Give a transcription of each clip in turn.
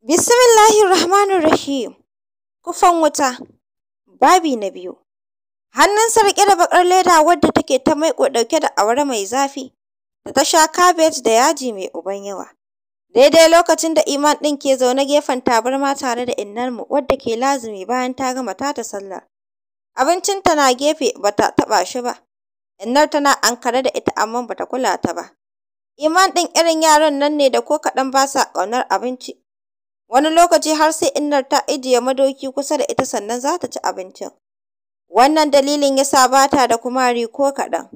Bismillahir Rahmanir Rahim. Kufan wuta. Babi na biyu. Hannun riƙe da bakar leda wadda take ta ko dauke da aure mai zafi da ta sha kabej da yaji mai uban yawa. Daidai lokacin da Iman din ke zaune gefen tabarma tare da innarmu wadda ke lazumi bayan ta gama tata sallar. Abincin ta na gefe bata taba shi ba. Innar tana ankare da ita amma bata kula ta ba. Iman din irin yaran nan ne da ko kadan ba sa ƙaunar abinci Wani lokaci har sai innar ta ajiye madoki kusa da ita sannan za ta ci abincin. Wannan dalilin ya sa ba ta da kumari ko kaɗan.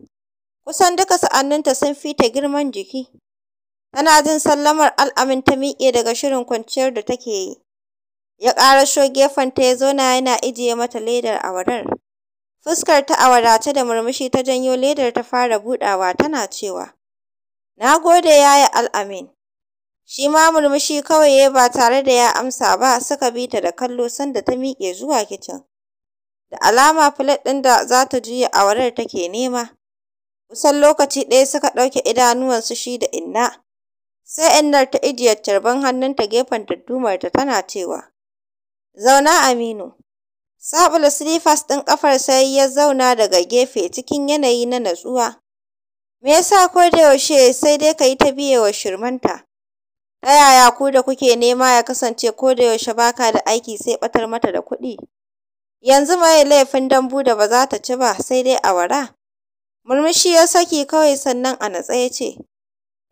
Kusan duka sa'anninta sun fi ta girman jiki. Tana jin sallamar al'amin ta miƙe daga shirin kwanciyar da take yi. Ya ƙaraso gefenta ya zauna yana ijiye mata ledar awarar. Fuskar ta a wadace da murmushi ta janyo ledar ta fara buɗawa tana cewa, Na gode yaya al'amin, Shi ma murmushi kawai ya ba tare da ya amsa ba, suka bi ta da kallo sanda ta miƙe zuwa kicin. Da alama filet ɗin da za ta juya a awarar take nema. Kusan lokaci ɗaya suka ɗauke idanuwansu shi da inna. Sai innar ta ijiye carban hannunta gefen ta tana cewa, Zauna Aminu. Sabula silifas ɗin ƙafar sai ya zauna daga gefe cikin yanayi na natsuwa. Me yasa ko da yaushe sai dai ka yi ta biye wa shirmanta? Ta yaya ku da kuke nema ya kasance ko da yaushe baka da aiki sai batar mata da kuɗi? Yanzu mai laifin dambu da ba za ta ci ba sai dai awara? Murmushi ya saki kawai sannan a natse ya ce,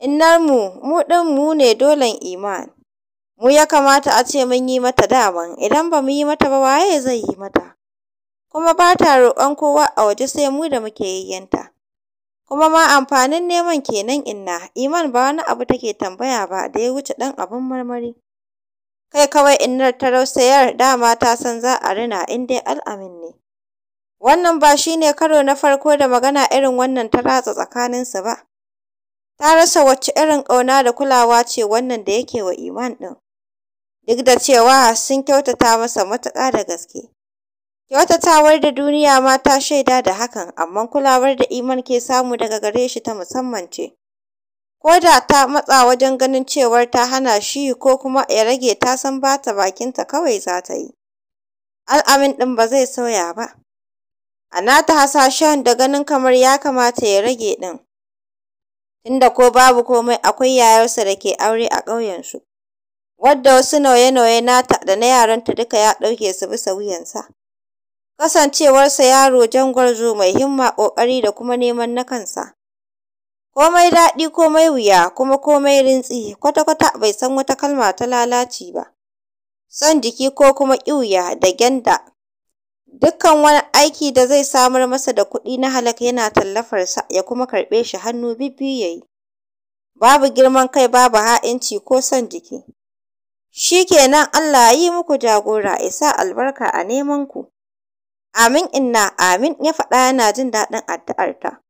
Innarmu, mu ɗin mu ne dolen iman. Mu ya kamata a ce mun yi mata daman, idan ba mu yi mata ba waye zai yi mata? Kuma ba ta roƙon kowa a waje sai mu da muke yayyanta. kuma ma amfanin neman kenan inna Iman ba wani abu take tambaya ba da ya wuce ɗan abin marmari kai kawai innar tarausayar dama ta san za a rina in dai al'amin ne wannan ba shi ne karo na farko da magana irin wannan ta ratsa tsakaninsu ba ta rasa wacce irin ƙauna da kulawa ce wannan da yake wa Iman ɗin duk da cewa sun kyautata masa matuƙa da gaske Kyautatawar da duniya ma ta shaida da hakan, amma kulawar da Iman ke samu daga gare shi ta musamman ce, ko da ta matsa wajen ganin cewar ta hana shi ko kuma ya rage ta san ba bata bakinta kawai za ta yi, al'amin ɗin ba zai sauya ba. A nata hasashen da ganin kamar ya kamata ya rage ɗin, Inda ko babu komai akwai yayarsa da ke aure a ƙauyensu, wadda wasu nauye-nauye nata da na yaranta duka ya ɗauke su bisa wuyansa. kasancewarsa yaro gwarzo mai himma ƙoƙari da kuma neman na kansa komai daɗi komai wuya kuma komai rintsi kwata-kwata bai san wata kalma ta lalaci ba son jiki ko kuma ƙiwuya da gyanda dukkan wani aiki da zai samar masa da kuɗi na halak yana tallafarsa ya kuma karɓe shi hannu bibbiyu ya yi babu girman kai babu ha'inci ko son jiki shikenan Allah ya yi muku jagora ya sa albarka a neman ku Amin inna amin ya faɗa yana jin daɗin addu'arta.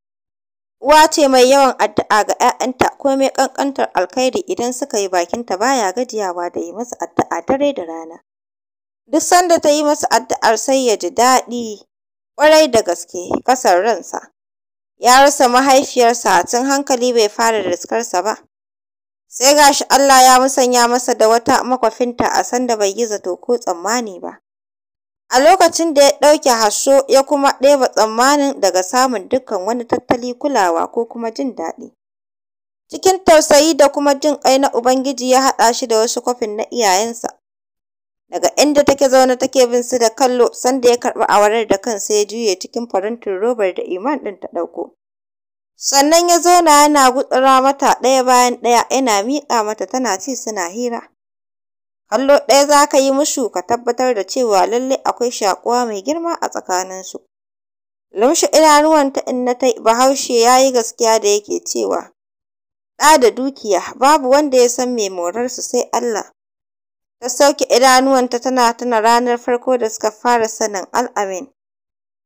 Uwa ce mai yawan addu'a ga ‘ya'yanta komai ƙanƙantar alkhairi idan suka yi bakinta baya gajiyawa da yi masa addu'a dare da rana. Duk sanda ta yi masa addu'ar sai ya ji daɗi ƙwarai da gaske ƙasar ransa. Ya rasa mahaifiyarsa tun hankali bai fara riskarsa ba. Sai gashi Allah ya musanya masa da wata makwafinta a sanda bai yi zato ko tsammani ba. a lokacin da ya ɗauke Hasho ya kuma ɗeba tsammanin daga samun dukkan wani tattali kulawa ko kuma jin daɗi. Cikin tausayi da kuma jin ƙai na Ubangiji ya haɗa shi da wasu kwafin na iyayensa. Daga inda take zaune take bin su da kallo sanda ya karɓi awarar da kansa ya juye cikin farantin robar da Iman ɗin ta ɗauko. Sannan ya zauna yana gutsura mata ɗaya bayan ɗaya yana miƙa mata tana ci suna hira. allo ɗaya za ka yi musu ka tabbatar da cewa lallai akwai shaƙuwa mai girma a tsakaninsu. idanuwan ta in na tai Bahaushe ya yi gaskiya da yake cewa, ɗa da dukiya babu wanda ya san mai morarsu sai Allah. Ta sauke idanuwanta tana tana ranar farko da suka fara sanin al'amin,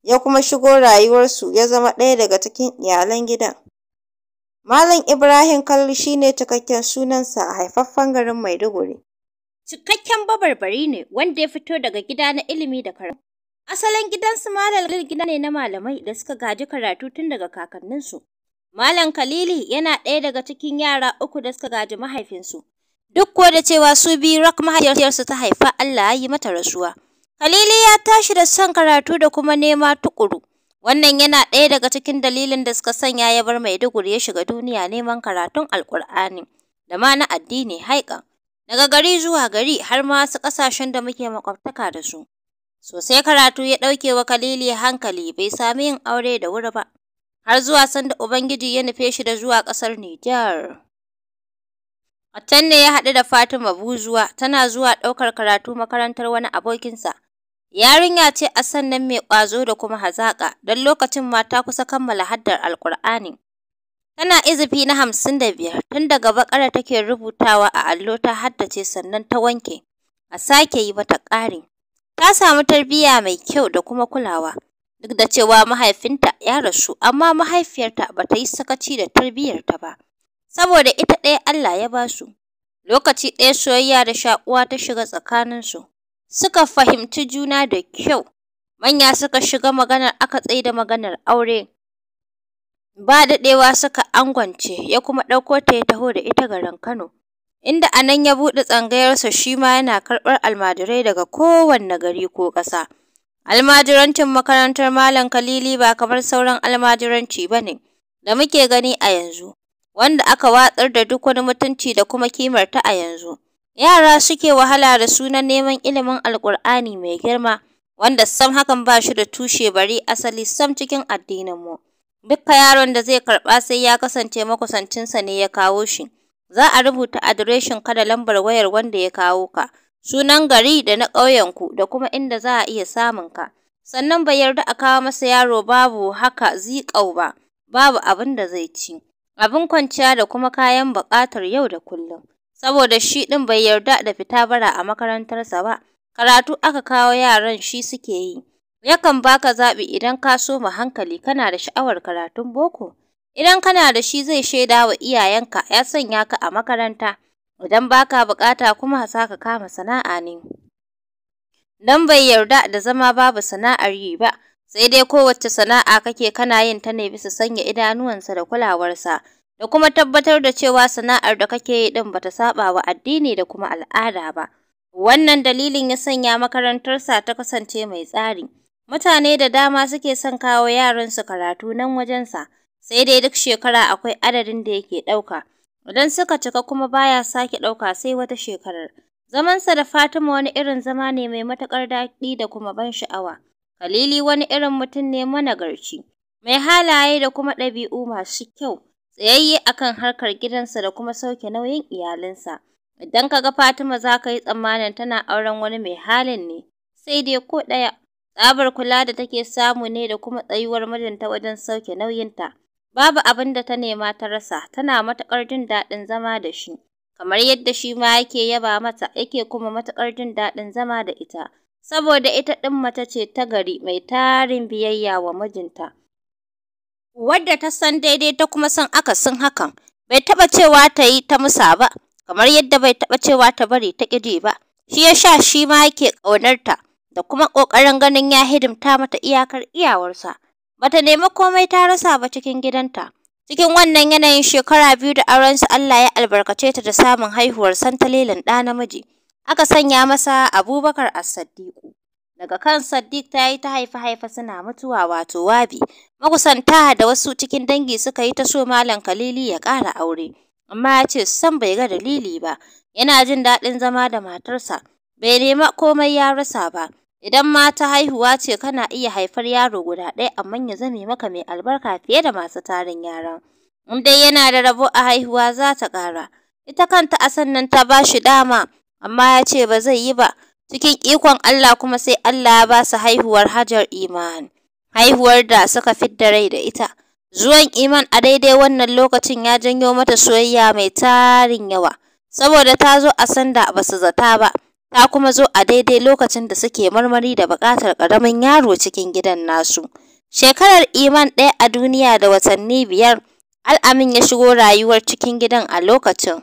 ya kuma shigo rayuwarsu ya zama ɗaya daga cikin iyalan gidan. Malam Ibrahim Kalli shi ne cikakken sunansa, a haifaffen garin Maiduguri. Cikakken babarbari ne wanda ya fito daga gida na ilimi da karatu. Asalin gidansu Malam Khalil gida ne na malamai da suka gaji karatu tun daga kakanninsu. Malam Kalili yana ɗaya daga cikin yara uku da suka gaji mahaifinsu. Duk ko da cewa su biyu rak mahaifiyarsu ta haifa Allah ya yi mata rasuwa. Khalili ya tashi da son karatu da kuma nema tukuru. Wannan yana ɗaya daga cikin dalilin da suka sanya ya bar Maiduguri ya shiga duniya neman karatun Alƙur'ani da ma na addini haikan. daga gari zuwa gari har ma wasu ƙasashen da muke makwabtaka da su. Sosai karatu ya ɗauke wa Kalili hankali bai sami yin aure da wuri ba, har zuwa sanda Ubangiji ya nufe shi da zuwa ƙasar Nijar. A can ne ya haɗu da Fatima Buzuwa tana zuwa ɗaukar karatu makarantar wani abokinsa. Yarinya ce a sannan mai ƙwazo da kuma hazaƙa, don lokacin mata kusa kammala haddar Alƙur'ani. Tana izifi na hamsin da biyar tun daga bakara take rubutawa a allo ta haddace sannan ta wanke. A sake yi mata ƙari. Ta samu tarbiyya mai kyau da kuma kulawa. Duk da cewa mahaifinta ya rasu amma mahaifiyarta ba ta yi sakaci da tarbiyyarta ba. Saboda ita ɗaya Allah ya ba su. Lokaci ɗaya soyayya da shaƙuwa ta shiga tsakaninsu. Suka fahimci juna da kyau. Manya suka shiga maganar aka tsaida maganar aure. Ba daɗewa suka angwance, ya kuma ɗauko ta ya taho da ita garin Kano, inda anan nan ya buɗe tsangayarsa shi ma yana karɓar almajirai daga kowanne gari ko ƙasa. Almajirancin makarantar Malam Kalili ba kamar sauran almajiranci ba ne da muke gani a yanzu, wanda aka watsar da duk wani mutunci da kuma kimar ta a yanzu. Yara suke wahala da sunan neman ilimin Alƙur'ani mai girma, wanda sam hakan ba shi da tushe bari asali sam cikin addininmu. Dukka yaron da zai karɓa sai ya kasance makusancinsa ne ya kawo shi. Za a rubuta adireshin ka da lambar wayar wanda ya kawo ka, sunan gari da na ƙauyenku da kuma inda za a iya samun ka. Sannan bai yarda a kawo masa yaro babu haka zikau ba, babu abin da zai ci. Abin kwanciya da kuma kayan buƙatar yau da kullum. Saboda shi ɗin bai yarda da fita bara a makarantarsa ba, karatu aka kawo yaran shi suke yi. yakan baka zaɓi idan ka soma hankali kana da sha'awar karatun boko idan kana da shi zai shaida wa iyayenka ya sanya ka a makaranta idan baka bukata kuma za ka kama sana'a ne dan bai yarda da zama babu sana'ar yi ba sai dai kowace sana'a kake kana yin ta ne bisa sanya idanuwansa da kulawarsa da kuma tabbatar da cewa sana'ar da kake yi din bata saba wa addini da kuma al'ada ba wannan dalilin ya sanya makarantarsa ta kasance mai tsari Mutane da dama suke son kawo yaransu karatu nan wajensa, sai dai duk shekara akwai adadin da yake ɗauka. Idan suka cika kuma baya sake ɗauka sai wata shekarar. Zamansa da Fatima wani irin zama ne mai matuƙar daɗi da kuma ban sha'awa. kalili wani irin mutum ne managarci, mai halaye da kuma ɗabi'u masu kyau, tsayayye akan harkar gidansa da kuma sauke nauyin iyalinsa. Idan ka ga Fatima za ka yi tsammanin tana auren wani mai halin ne, sai dai ko ɗaya. Tsabar kula da take samu ne da kuma tsayuwar mijinta wajen sauke nauyinta. Babu abin da ta nema ta rasa, tana matuƙar jin daɗin zama da shi. Kamar yadda shi ma yake yaba mata, yake kuma matuƙar jin daɗin zama da ita. Saboda ita ɗin mace ce ta gari mai tarin biyayya wa mijinta. Wadda ta san daidai ta kuma san aka akasin hakan. Bai taɓa cewa ta yi ta musa ba, kamar yadda bai taɓa cewa ta bari ta ƙiji ba. Shi ya sha shi ma yake ƙaunarta. da kuma ƙoƙarin ganin ya hidimta mata iyakar iyawarsa. Bata nemi komai ta rasa ba cikin gidanta. Cikin wannan yanayin shekara biyu da aurensu Allah ya albarkace ta da samun haihuwar santalilin ɗa namiji. Aka sanya masa Abubakar As-Siddiqu. Daga kan Sadiq ta yi ta haifa haifa suna mutuwa wato wabi. Makusanta da wasu cikin dangi suka yi ta so Malam Kalili ya ƙara aure. Amma ya ce san bai ga dalili ba. Yana jin daɗin zama da matarsa. Bai nema komai ya rasa ba. Idan mata haihuwa ce kana iya haifar yaro guda ɗaya amma ya zame maka mai albarka fiye da masu tarin yaran. In dai yana da rabo a haihuwa za ta ƙara. Ita kanta Asan nan ta ba shi dama, amma ya ce ba zai yi ba. Cikin ikon Allah kuma sai Allah ya ba su haihuwar Hajar Iman. Haihuwar da suka fidda rai da ita. Zuwan Iman a daidai wannan lokacin ya janyo mata soyayya mai tarin yawa. Saboda ta zo a sanda ba su zata ba. ta kuma zo a daidai lokacin da suke marmari da buƙatar ƙaramin yaro cikin gidan nasu. Shekarar Iman ɗaya a duniya da watanni biyar, Al'amin ya shigo rayuwar cikin gidan a lokacin.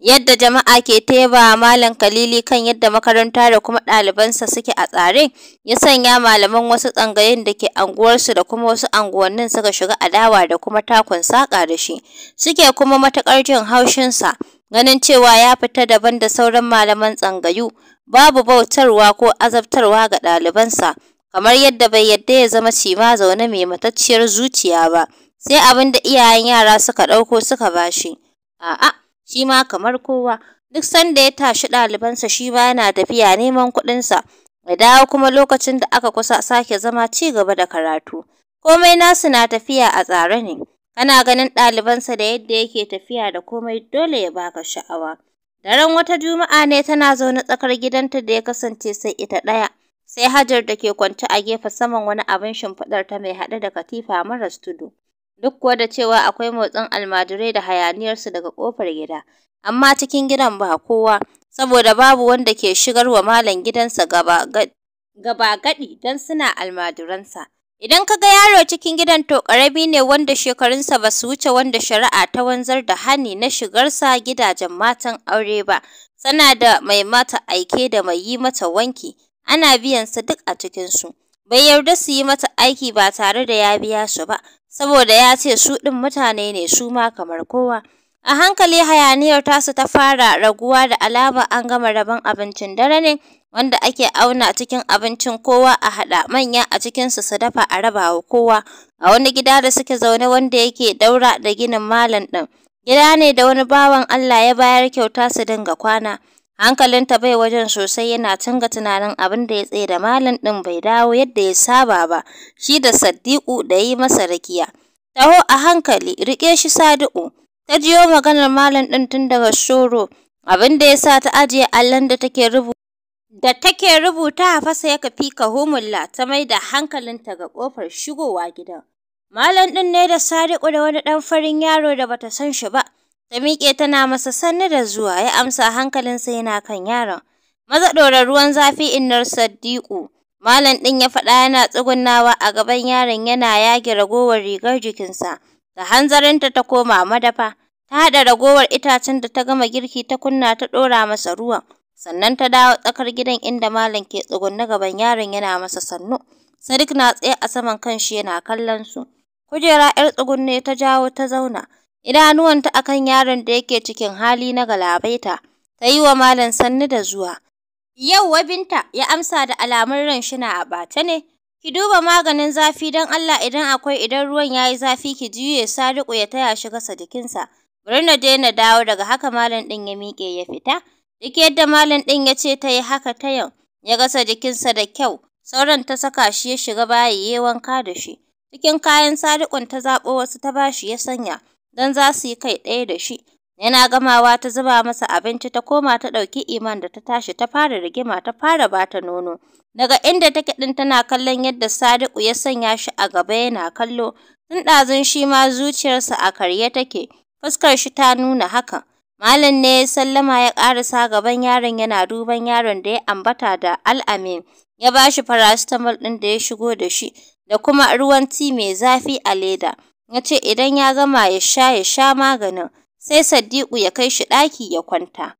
Yadda jama'a ke teba Malam Kalili kan yadda makaranta da kuma ɗalibansa suke a tsare, ya sanya malaman wasu tsangayen da ke anguwarsu da kuma wasu anguwannin suka shiga adawa da kuma takun saƙa da shi, suke kuma matuƙar jin haushinsa. ganin cewa ya fita daban da sauran malaman tsangayu babu bautarwa ko azabtarwa ga ɗalibansa kamar yadda bai yadda ya zama cima zaune mai matacciyar zuciya ba sai abin da iyayen yara suka ɗauko suka ba shi. a'a shi ma kamar kowa duk sanda ya tashi ɗalibansa shi ba yana tafiya neman kuɗinsa ya dawo kuma lokacin da aka kusa sake zama ci gaba da karatu komai nasu na tafiya a tsare ne Kana ganin ɗalibansa da yadda yake tafiya da komai dole ya baka sha'awa. Daren wata juma'a ne tana zaune tsakar gidanta da ya kasance sai ita ɗaya. Sai Hajar da ke kwance a gefe saman wani abin shimfiɗar ta mai haɗe da katifa maras tudu. Duk kuwa da cewa akwai motsin almajirai da hayaniyarsu daga ƙofar gida. Amma cikin gidan ba kowa, saboda babu wanda ke shigar wa malam gidansa gaba gaɗi don suna almajiransa. Idan ka ga yaro cikin gidan to ƙarami ne wanda shekarunsa ba su wuce wanda shari'a ta wanzar da hani na shigarsa gidajen matan aure ba. Sana da mai mata aike da mai yi mata wanki, ana biyan su duk a cikinsu. Bai yarda su yi mata aiki ba tare da ya biya su ba, saboda ya ce su ɗin mutane ne su ma kamar kowa. A hankali hayaniyar tasu ta fara raguwa da alama an gama rabon abincin dare ne. wanda ake auna cikin abincin kowa a haɗa manya a cikinsu su dafa a rabawa kowa a wani gida da suke zaune wanda yake ɗaura da ginin malam ɗin gida ne da wani bawan Allah ya bayar kyauta su dinga kwana hankalinta bai wajen sosai yana tunga tunanin abin da ya tsaye da malam ɗin bai dawo yadda ya saba ba shi da Saddiƙu da yi masa rakiya taho a hankali riƙe shi Sadiku ta jiyo maganar malam ɗin tun daga shoro abin da ya sa ta ajiye allon da take rubuta da take rubuta fasa ya kafi kahumulla ta mai da hankalinta ga kofar shigowa gidan. Malam ɗin ne da Sadiku da wani ɗan farin yaro da bata san shi ba. Ta miƙe tana masa sanni da zuwa ya amsa hankalinsa yana kan yaron. Maza ɗora ruwan zafi innar Sadiku. Malam ɗin ya faɗa yana tsugunnawa a gaban yaron yana yage ragowar rigar jikinsa. Da hanzarinta ta koma madafa. Ta haɗa ragowar itacen da ta gama girki ta kunna ta ɗora masa ruwan. sannan ta dawo tsakar gidan inda malam ke tsugunne gaban yaron yana masa sannu Sadiq na tsaye a saman kanshi yana kallon su kujera yar tsugunne ta jawo ta zauna idanuwanta akan yaron da yake cikin hali na galabaita ta yi wa malam sannu da zuwa Yau wa binta ya amsa da alamun ran shi a bace ne ki duba maganin zafi don Allah idan akwai idan ruwan ya yi zafi ki juye Sadiku ya taya shi gasa jikinsa. Bari na je na dawo daga haka malam ɗin ya miƙe ya fita. Duk yadda Malam ɗin ya ce ta yi haka ta yau, ya gasa jikinsa da kyau, sauran ta saka shi ya shiga bayi ya wanka da shi. Cikin kayan sadiƙun ta zaɓo wasu ta bashi ya sanya, don za su yi kai ɗaya da shi. Yana gamawa ta zuba masa abinci ta koma ta ɗauki iman da ta tashi ta fara rigima ta fara bata nono. Daga inda take ɗin tana kallon yadda Sadiku ya sanya shi a gaba yana kallo. Tun ɗazun shi ma zuciyarsa a karye take, fuskar shi ta nuna hakan. Malam ne ya sallama ya ƙarasa gaban yaron yana duban yaron da ya ambata da al'amin. Ya ba shi paracetamol ɗin da ya shigo da shi da kuma ruwan ti mai zafi a leda. Ya ce idan ya gama ya sha ya sha maganin sai Sadiku ya kai shi ɗaki ya kwanta.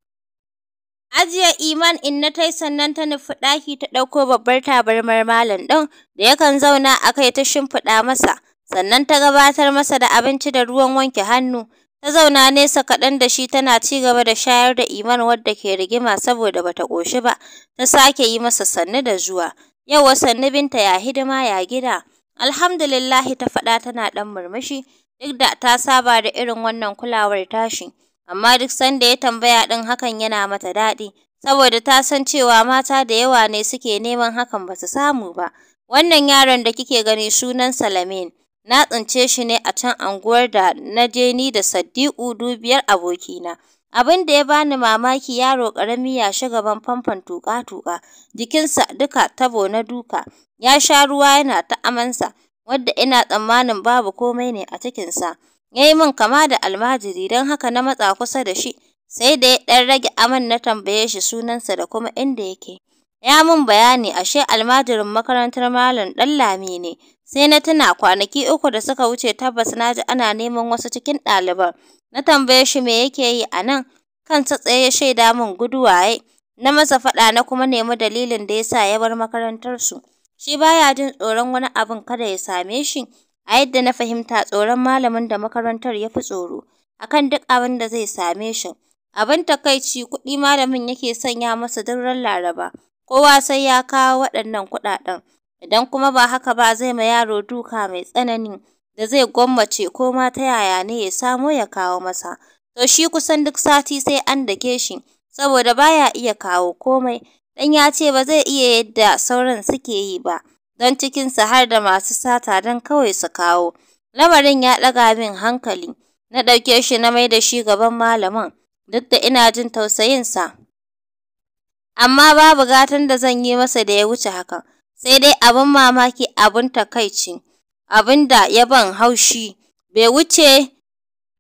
Ajiya Iman in na tai sannan ta nufi ɗaki ta ɗauko babbar tabarmar malam ɗin da yakan zauna a kai ta shimfiɗa masa, sannan ta gabatar masa da abinci da ruwan wanke hannu. Ta zauna nesa kaɗan da shi tana ci gaba da shayar da Iman wadda ke rigima saboda bata ƙoshi ba. Ta sake yi masa sannu da zuwa. yau sannu Binta ya hidima ya gida. Alhamdulillahi ta faɗa tana ɗan murmushi duk da ta saba da irin wannan kulawar tashi. Amma duk sanda ya tambaya ɗin hakan yana mata daɗi saboda ta san cewa mata da yawa ne suke neman hakan basu samu ba. Wannan yaron da kike gani sunan Lamin. Na tsince shi ne a can anguwar da na je ni da Saddiƙu dubiyar abokina. Abin da ya bani mamaki yaro ƙarami ya shiga ban famfon tuƙa-tuƙa, jikinsa duka tabo na duka, ya sha ruwa yana ta amansa, wadda ina tsammanin babu komai ne a cikinsa. Ya yi min kama da almajiri don haka na matsa kusa da shi, sai da ya ɗan rage aman na tambaye shi sunansa da kuma inda yake. Ya min bayani ashe almajirin makarantar Malam Ɗanlami ne, Sai na tuna kwanaki uku da suka wuce tabbas na ji ana neman wasu cikin ɗaliban. Na tambaye shi me yake yi a nan, kansa tsaye ya shaida min guduwa, Na masa faɗa na kuma nemi dalilin da ya sa ya bar makarantarsu. Shi baya jin tsoron wani abin kada ya same shi. A yadda na fahimta tsoron malamin da makarantar ya fi tsoro akan duk abin da zai same shi. Abin takaici kuɗi malamin yake sanya masa duk ran Laraba. Kowa sai ya kawo waɗannan kuɗaɗen. idan kuma ba haka ba zai ma yaro duka mai tsanani da zai gwammace ko ma ta yaya ne ya samo ya kawo masa to shi kusan duk sati sai an dake shi saboda baya iya kawo komai dan ya ce ba zai iya yadda sauran suke yi ba don sa har da masu sata dan kawai su kawo lamarin ya daga min hankali na dauke shi na mai da shi gaban malamin duk da ina jin tausayin sa. amma babu gatan da zan yi masa da ya wuce hakan sai dai abin mamaki abin takaici abin da ya ban haushi bai wuce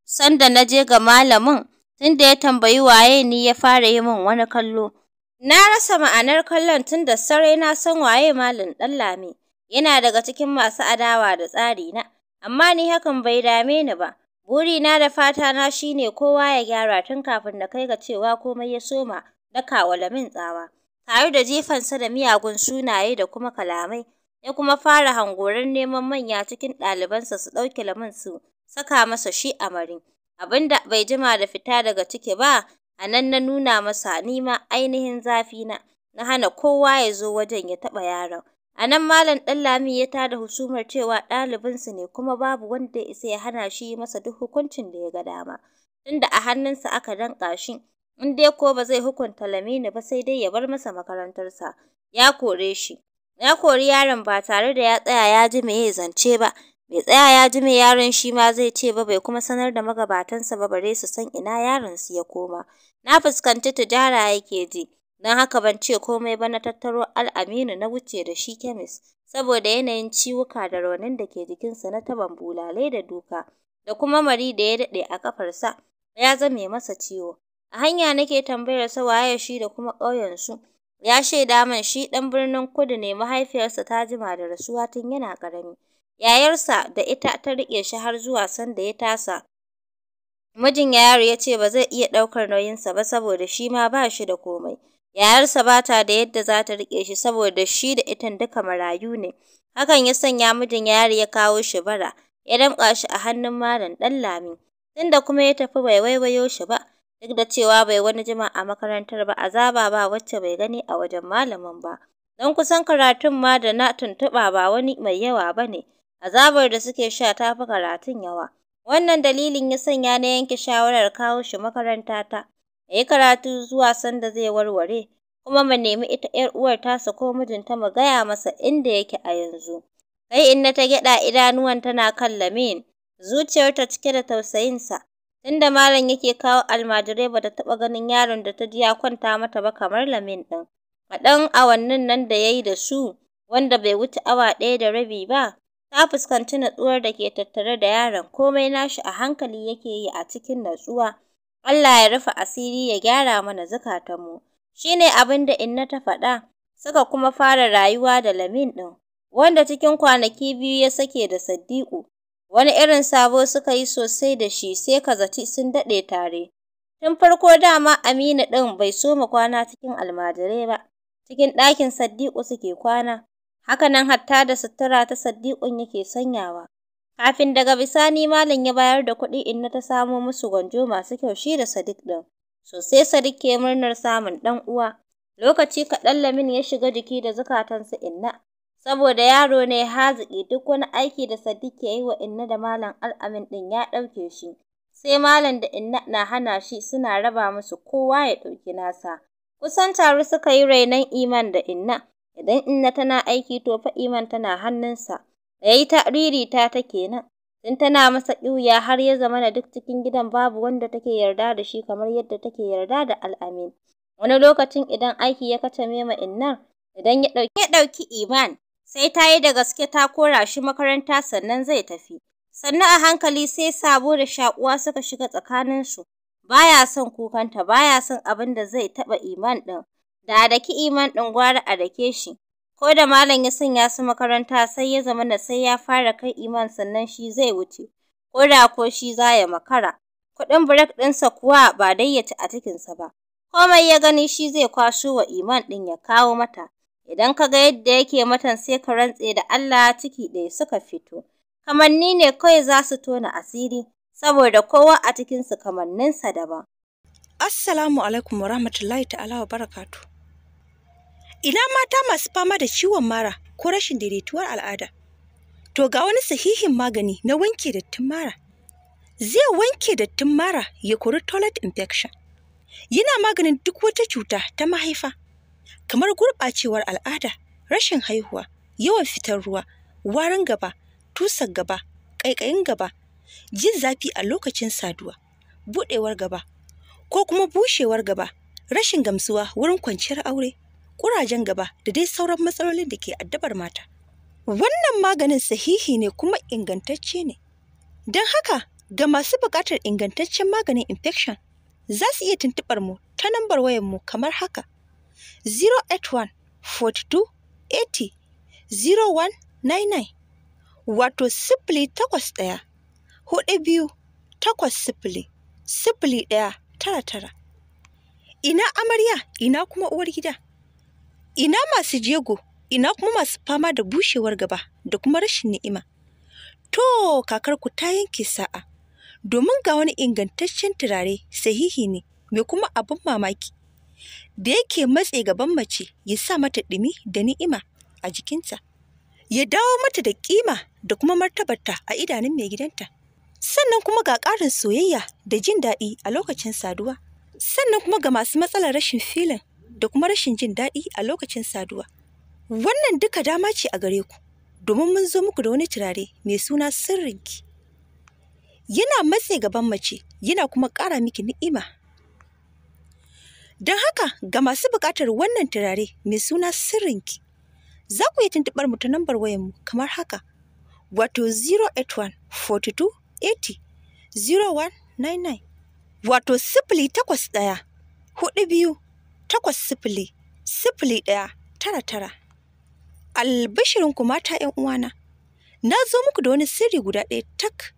sanda na je ga malamin tunda ya tambayi waye ni ya fara yi min wani kallo na rasa ma'anar kallon tunda sarai na san waye malam ɗallame yana daga cikin masu adawa da tsari na amma ni hakan bai dame ni ba buri na da fata na shine kowa ya gyara tun kafin na kai ga cewa komai ya soma na kawalamin tsawa tare da jefansa da miyagun sunaye da kuma kalamai, ya kuma fara hangorar neman manya cikin ɗalibansa su ɗauki lamun su saka masa shi a marin, mari. da bai jima da fita daga ciki ba, a nan na nuna masa nima ainihin zafi na na hana kowa ya zo wajen ya taɓa yaron. A nan Malam Ɗanlami ya tada husumar cewa ɗalibinsu ne kuma babu wanda ya isa ya hana shi yi masa duk hukuncin da ya ga dama, tunda a hannunsa aka danƙa shi. in dai ko ba zai hukunta Lamini ba sai dai ya bar masa makarantarsa, ya kore shi. Ya kori yaron ba tare da ya tsaya ya ji me ya zance ba, bai tsaya ya ji me yaron shi ma zai ce ba bai kuma sanar da magabatansa ba bare su san ina yaron su ya koma. Na fuskanci tijara yake ji, don haka ban ce komai ba na tattaro al'aminu na wuce da shi kemis, saboda yanayin ciwuka da raunin da ke jikinsa na taban bulalai da duka, da kuma mari da ya daɗe a kafarsa ya zame masa ciwo. A hanya nake tambayar sa waye shi da kuma ƙauyen su Ya shaida man shi dan birnin Kudu ne mahaifiyarsa ta jima da rasuwa tun yana karami. Yayarsa da ita ta rike shi har zuwa sanda ya tasa. Mijin yaro ya ce ba zai iya daukar nauyin sa ba saboda shi ma ba shi da komai. Yayarsa ba ta da yadda za ta rike shi saboda shi da ita duka marayu ne. Hakan ya sanya mijin yaro ya kawo shi bara, ya damƙa shi a hannun Malam Lami. Tunda kuma ya tafi bai waiwayo shi ba, Duk da cewa bai wani jima a makarantar ba, azaba ba wacce bai gani a wajen malamin ba, don kusan karatun ma da na tuntuɓa ba wani mai yawa ba ne, azabar da suke sha ta fi karatun yawa. Wannan dalilin ya sanya na yanke shawarar kawo shi makarantata, ya yi karatu zuwa sanda zai warware, kuma mu nemi ita 'yar uwar tasa ko mijinta mu gaya masa inda yake a yanzu. Sai na ta gyaɗa idanuwan tana kan Lamin, zuciyarta cike da tausayinsa. tunda malam yake kawo almajirai bata taba ganin yaron da ta ji ya kwanta mata ba kamar Lamin ɗin. Kaɗan awannin nan da yayi da su wanda bai wuce awa ɗaya da rabi ba ta fuskanci natsuwar da ke tattare da yaron komai nashi a hankali yake yi a cikin natsuwa Allah ya rufe asiri ya gyara mana mu. shine abin da inna ta faɗa suka kuma fara rayuwa da Lamin ɗin wanda cikin kwanaki biyu ya sake da Saddiƙu Wani irin sabo suka yi sosai da shi sai ka zaci sun daɗe tare. Tun farko dama Aminu ɗin bai soma kwana cikin almajirai ba, cikin ɗakin Saddiƙu suke kwana, haka nan hatta da sutura ta Saddiƙun yake sanyawa. Kafin daga bisani malam ya bayar da kuɗi inna ta samo musu gwanjo masu kyau shi da Sadiq ɗin. Sosai Sadiq ke murnar samun ɗan uwa. Lokaci kaɗan Lamin ya shiga jiki da zukatansa inna. saboda yaro ne haziki duk wani aiki da Sadiq ya yi wa Inna da Malam Al'amin din ya ɗauke shi sai Malam da Inna na hana shi suna raba musu kowa ya ɗauki nasa kusan taru suka yi rainon Iman da Inna idan Inna tana aiki to fa Iman tana hannunsa da yayi tariri ta take nan tun tana masa ɗuya, har ya zama na duk cikin gidan babu wanda take yarda da shi kamar yadda take yarda da Al'amin wani lokacin idan aiki ya kace mema innan idan ya ɗauki ya Iman sai ta yi da gaske ta kora shi makaranta sannan zai tafi. Sannan a hankali sai sabo da shakuwa suka shiga tsakaninsu. Baya son kukanta, baya son abin da zai taɓa iman ɗin. Da a daki iman ɗin gwara a dake shi. Ko da malam ya sanya su makaranta sai ya zama da sai ya fara kai iman sannan shi zai wuce. Ko da ko shi za ya makara. Kuɗin birek ɗinsa kuwa ba dai ya ci a cikinsa ba. Komai ya gani shi zai kwaso wa iman ɗin ya kawo mata. Idan ka ga yadda yake matan sai ka rantse da Allah ciki ɗaya suka fito. Kamanni ne kawai za su tona asiri, saboda kowa a cikinsu kamanninsa daban. Assalamu alaikum wa rahmatullahi ta'ala wa barakatu. Ina mata masu fama da ciwon mara ko rashin daidaituwar al'ada. To ga wani sahihin magani na wanke dattin mara. Zai wanke dattin mara ya kori toilet infection. Yana maganin duk wata cuta ta mahaifa. kamar gurɓacewar al'ada rashin haihuwa yawan fitar ruwa warin gaba tusar gaba ƙaiƙayin gaba jin zafi a lokacin saduwa buɗewar gaba ko kuma bushewar gaba rashin gamsuwa wurin kwanciyar aure ƙurajen gaba da dai sauran matsalolin da ke addabar mata wannan maganin sahihi ne kuma ingantacce ne don haka ga masu buƙatar ingantaccen maganin infection za su iya tuntuɓar mu ta nambar wayanmu kamar haka 081 42 80 0199 wato sifili takwas ɗaya hudu biyu takwas sifili sifili ɗaya tara tara ina amarya ina kuma uwar gida ina masu jego ina kuma masu fama da bushewar gaba da kuma rashin ni'ima to kakarku ta yanke sa'a domin ga wani ingantaccen turare sahihi ne mai kuma abin mamaki da yake matse gaban mace ya sa mata ɗumi da ni'ima a jikinta ya dawo mata da kima da kuma martabarta a idanun mai gidanta sannan kuma ga ƙarin soyayya da jin daɗi a lokacin saduwa sannan kuma ga masu matsalar rashin filin da kuma rashin jin daɗi a lokacin saduwa wannan duka dama ce a gare ku domin mun zo muku da wani turare mai suna sirrinki yana matse gaban mace yana kuma ƙara miki ni'ima Don haka ga masu buƙatar wannan turare mai suna sirrinki, za ku yi tuntuɓar mu ta nambar wayanmu kamar haka, wato 081-42-80-0199, wato sifili takwas ɗaya, huɗu biyu, takwas sifili, ɗaya, tara tara. mata ‘yan uwana, na zo muku da wani sirri guda ɗaya tak,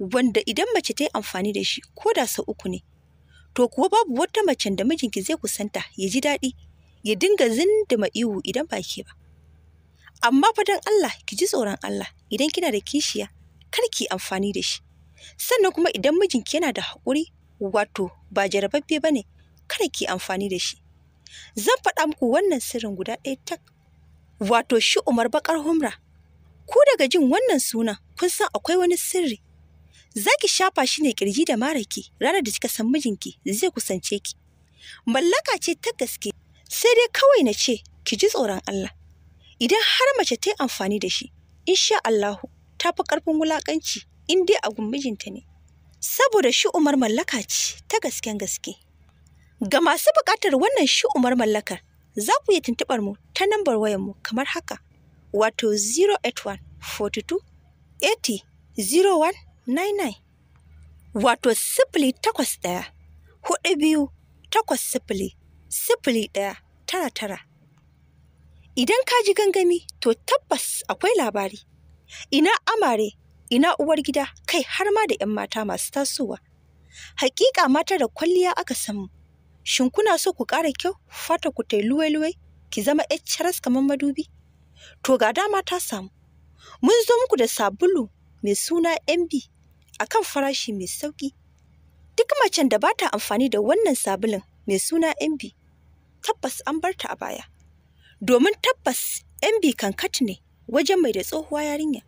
wanda idan mace ta yi amfani da shi ko da sau uku ne, to kuwa babu wata mace da mijinki zai kusanta ya ji daɗi ya dinga zindima ihu idan ba ke ba amma fa dan Allah ki ji tsoron Allah idan kina da kishiya kar ki amfani da shi sannan kuma idan mijinki yana da haƙuri wato ba jarababbe ba ne kar ki amfani da shi zan faɗa muku wannan sirrin guda ɗaya tak wato shi Umar Bakar Humra ku daga jin wannan sunan kun san akwai wani sirri za ki shafa shi ne kirji da maraki ranar da kika san mijinki zai kusance ki. Mallaka ce ta gaske, sai dai kawai na ce ki ji tsoron Allah. Idan har mace ta yi amfani da shi, insha Allahu ta fi ƙarfin wulaƙanci in dai agun mijinta ne. Saboda shi umar mallaka ce ta gasken gaske. Ga masu buƙatar wannan shi umar mallakar, za ku iya tuntuɓar mu ta nambar wayar mu kamar haka, wato 081 42 80 01 nai wato sifili takwas ɗaya hudu biyu takwas sifili sifili ɗaya tara tara. Idan ka ji gangami to tabbas akwai labari. Ina amare, ina uwar gida kai har ma da ‘yan mata masu tasowa. Hakika mata da kwalliya aka samu. Shin kuna so ku ƙara kyau fata ku tai luwai-luwai ki zama ‘yar kamar madubi? To ga dama ta samu. Mun zo muku da sabulu mai suna MB a kan farashi mai sauƙi. Duk macen da ba ta amfani da wannan sabulin mai suna MB tabbas an bar ta a baya. Domin tabbas MB kati ne wajen mai da tsohuwa yarinya.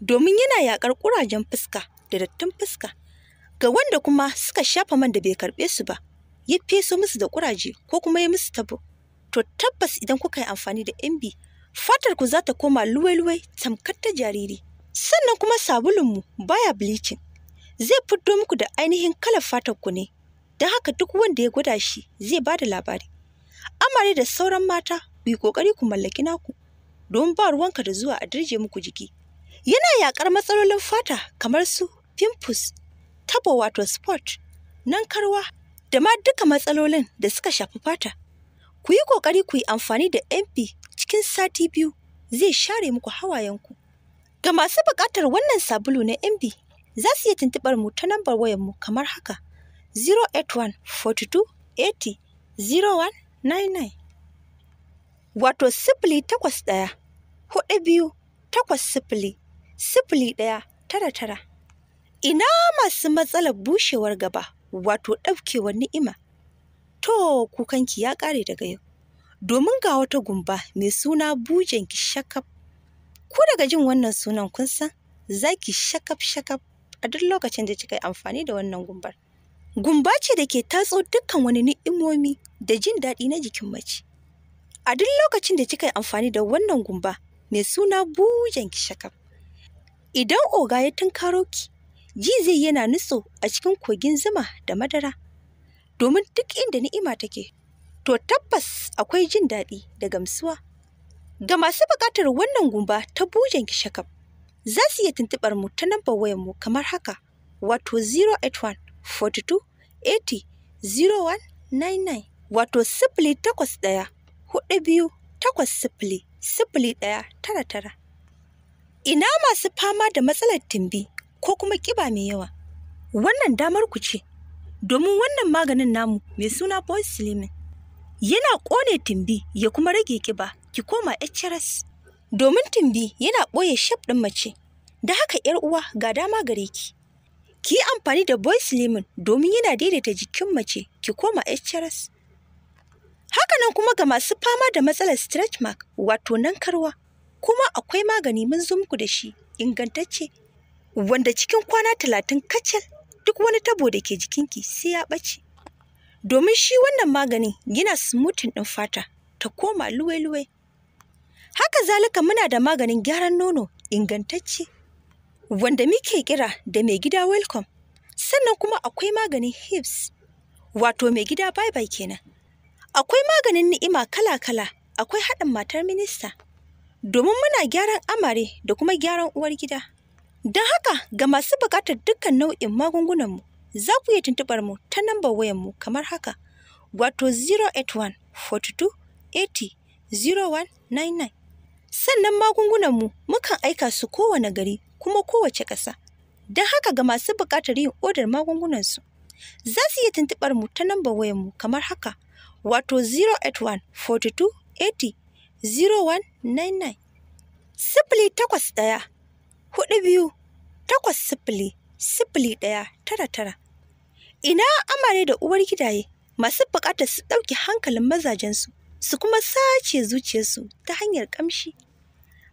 Domin yana yaƙar ƙurajen fuska da dattin fuska ga wanda kuma suka shafa man da bai karɓe su ba ya feso musu da ƙuraje ko kuma ya musu tabo. To tabbas idan kuka yi amfani da MB fatar ku za ta koma luwai-luwai tamkar ta jariri. sannan kuma sabulunmu baya bleaching zai fito muku da ainihin kalar fatar ku ne don haka duk wanda ya gwada shi zai ba da labari amare da sauran mata ku yi kokari ku mallaki naku don ba ruwanka da zuwa a dirje muku jiki yana yaƙar matsalolin fata kamar su pimples tabo wato spot nankarwa da ma duka matsalolin da suka shafi fata ku yi kokari ku yi amfani da mp cikin sati biyu zai share muku hawayenku Ga masu buƙatar wannan sabulu na MB za su iya tuntuɓar mu ta nambar wayar mu kamar haka 081 42 80 wato sifili takwas ɗaya hudu biyu takwas sifili sifili ɗaya tara tara ina masu matsalar bushewar gaba wato ɗaukewar ni'ima to kukanki ya ƙare daga yau domin ga wata gumba mai suna bujen ki shakaf Ku daga jin wannan sunan kun san zaki shakaf shakaf a duk lokacin da kika yi amfani da wannan gumbar. Gumba ce da ke tatso dukkan wani ni'imomi da jin daɗi na jikin mace. A duk lokacin da kika yi amfani da wannan gumba mai suna bujan ki shakaf. Idan oga ya tunkaro ki, ji zai yana nutso a cikin kogin zuma da madara. Domin duk inda ni'ima take, to tabbas akwai jin daɗi da gamsuwa Ga masu buƙatar wannan gumba ta bujen gishakaf, za su iya tuntuɓar mu ta nambar wayar mu kamar haka, wato 081 42 80 wato 081 takwas ɗaya hudu biyu takwas sifili ɗaya tara tara. Ina masu fama da matsalar timbi ko kuma ƙiba mai yawa, wannan damar ku ce, domin wannan maganin namu mai suna Boy Slimin yana ƙone timbi ya kuma rage ƙiba ki koma HRS domin tumbi yana ɓoye shaf ɗin mace. Da haka ‘yar uwa ga dama gare ki. Ki yi amfani da boys lemon domin yana daidaita jikin mace ki koma HRS. Hakanan kuma ga masu fama da matsalar stretch mark wato nan karwa, kuma akwai magani mun zo muku da shi ingantacce wanda cikin kwana talatin kacal duk wani tabo da ke jikinki sai ya ɓace. Domin shi wannan maganin yana smoothing ɗin fata ta koma luwe-luwe Haka zalika muna da maganin gyaran nono ingantacce wanda muke kira da mai gida welcome. Sannan kuma akwai maganin hips wato mai gida bye bye kenan. Akwai maganin ni'ima kala-kala akwai haɗin matar minista domin muna gyaran amare da kuma gyaran uwar gida. Don haka ga masu buƙatar dukkan nau'in magungunanmu za ku iya tuntuɓar mu ta nambar wayanmu kamar haka wato 081 42 80 0199. Sannan magungunanmu mukan aika su kowane gari kuma kowace ƙasa. Don haka ga masu buƙatar yin odar magungunansu, za su iya tuntuɓar mu ta nambar wayanmu kamar haka, wato 081 42 80 0199. Sifili takwas ɗaya, hudu biyu, takwas sifili, sifili ɗaya, tara tara. Ina amare da uwar gidaye masu buƙatar su ɗauki hankalin mazajensu su kuma sace zuciyarsu ta hanyar ƙamshi.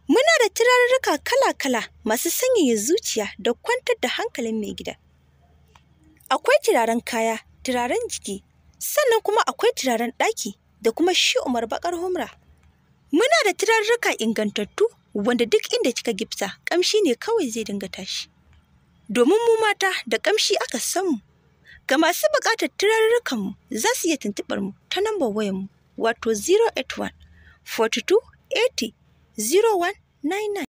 Muna da turarruka kala-kala masu sanyaya zuciya da kwantar da hankalin mai gida. Akwai turaren kaya, turaren jiki, sannan kuma akwai turaren ɗaki da kuma shi umar bakar humra. Muna da turarruka ingantattu wanda duk inda kika gifta ƙamshi ne kawai zai dinga tashi. Domin mu mata da ƙamshi aka samu, ga masu buƙatar turarrukanmu za su iya tuntuɓar mu ta nambar wayarmu wato 081 42 80 0199.